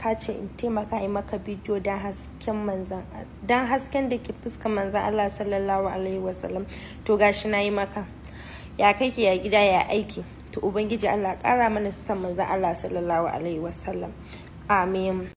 ka ce in taimaka yi maka bidiyo don hasken da ke fuska manzan Allah sallallahu alaihi wasallam to gashi na yi maka ya kai ki ya gida ya aiki to ubangiji Allah ƙara mana san manzan Allah sallallahu alaihi wasallam amin